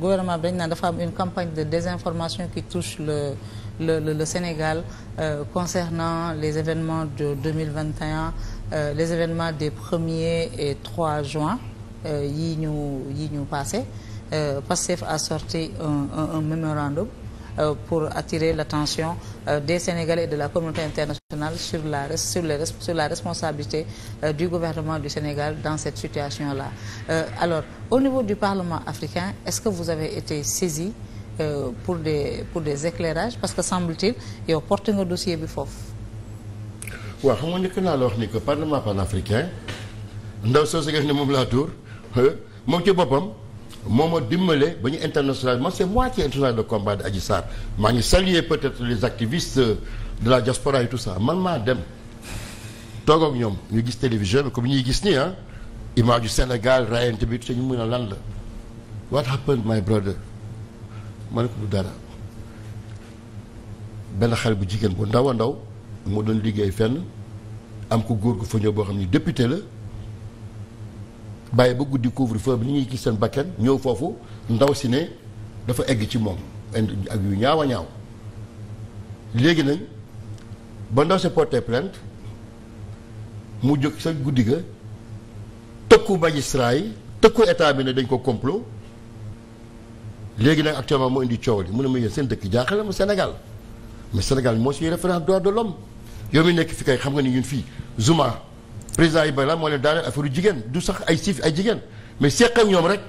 gouvernement bi dañ naan dafa une campagne de désinformation qui touche le le le, le Sénégal euh, concernant les événements de 2021 euh, les événements des 1 et 3 juin euh, yi ñu yi ñu passé euh, Pastef a sorti un un, un mémorandum Euh, pour attirer l'attention euh, des Sénégalais et de la communauté internationale sur la sur les sur la responsabilité euh, du gouvernement du Sénégal dans cette situation-là. Alors, au niveau du Parlement africain, est-ce que vous avez été saisi pour des pour des éclairages parce que semble-t-il yow porte nga dossier bi foofu. waaw xam nga njëkk naa la wax ni que Parlement panafricain ndaw soo si def moom laa tur moom ci boppam. moo ma dimbale ba ñu international man c'est moitié international de combat de Adji Sarr maa ngi saluer peut-être les activistes euh, de la diaspora et tout ça man maa dem toog ak ñoom ñu gis télévision bi comme ñuy gis nii ah image du Sénégal rayante bi te ñu mun a lan la what happened my brother ma ne ko du dara benn xale bu jigéen bu ndaw a ndaw moo doon liggéey fenn am ku góor gu fa boo xam ni député la bàyyi ba guddi couvre-feu bi ñu ñuy gis seen bakken ñëw foofu ndaw si ne dafa egg ci moom ak yu ñaaw a ñaaw léegi nag ba ndaw si porté plainte mu jóg sa guddi ga tëkku magistrat yi tëkku état bi ne dañ ko complot léegi nag actuellement moo indi coow li mu ne ma yéen seen dëkk jaaxle mu Sénégal mais Sénégal moo suñu référence droit de l'homme yow mi nekk fi kay xam nga ni ñun fii Zuma président Ibrahima moo leen daaneel affaire jigéen du sax ay siif ay jigéen mais seq ak ñoom rek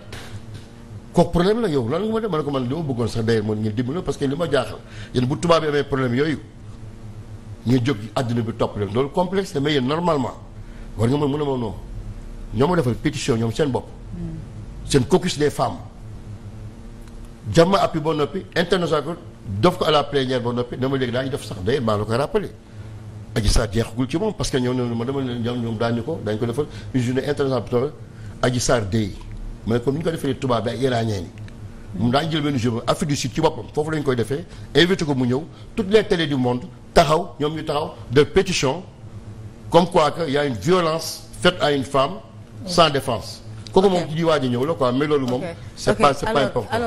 kooku problème la yow lan nga ma def ma ko man li ma bëggoon sax d'ailleurs moom ngeen dimbali parce que li ma jaaxal yéen bu tubaab yi ñu jóg àddina bi topp leen loolu complexe mais yéen normalement war nga mën mën a moom noonu ñoo ma defal pétition ñoom seen bopp seen caucus des femmes jàmm appi ba noppi international ko def ko à la plénière ba noppi dama léegi daañu def sax d'ailleurs maa la koy rappelé Adji Sarr jeexagul ci moom parce que ñoom ñoom ma dama ñoom ñoom daañu ko daañu ko defal une journée internationale Adji Sarr day mais comme ni ñu ko defee tubaab bi ak iranien yi mu daañu jël benn journée Afrique du Sud ci boppam foofu la koy defee invité ko mu ñëw toutes les télés du monde taxaw ñoom ñu taxaw de pétition comme quoi que y a une violence faite à une femme sans défense kooku moom ci ji waa ji ñëw la quoi mais loolu moom c'est pas c'est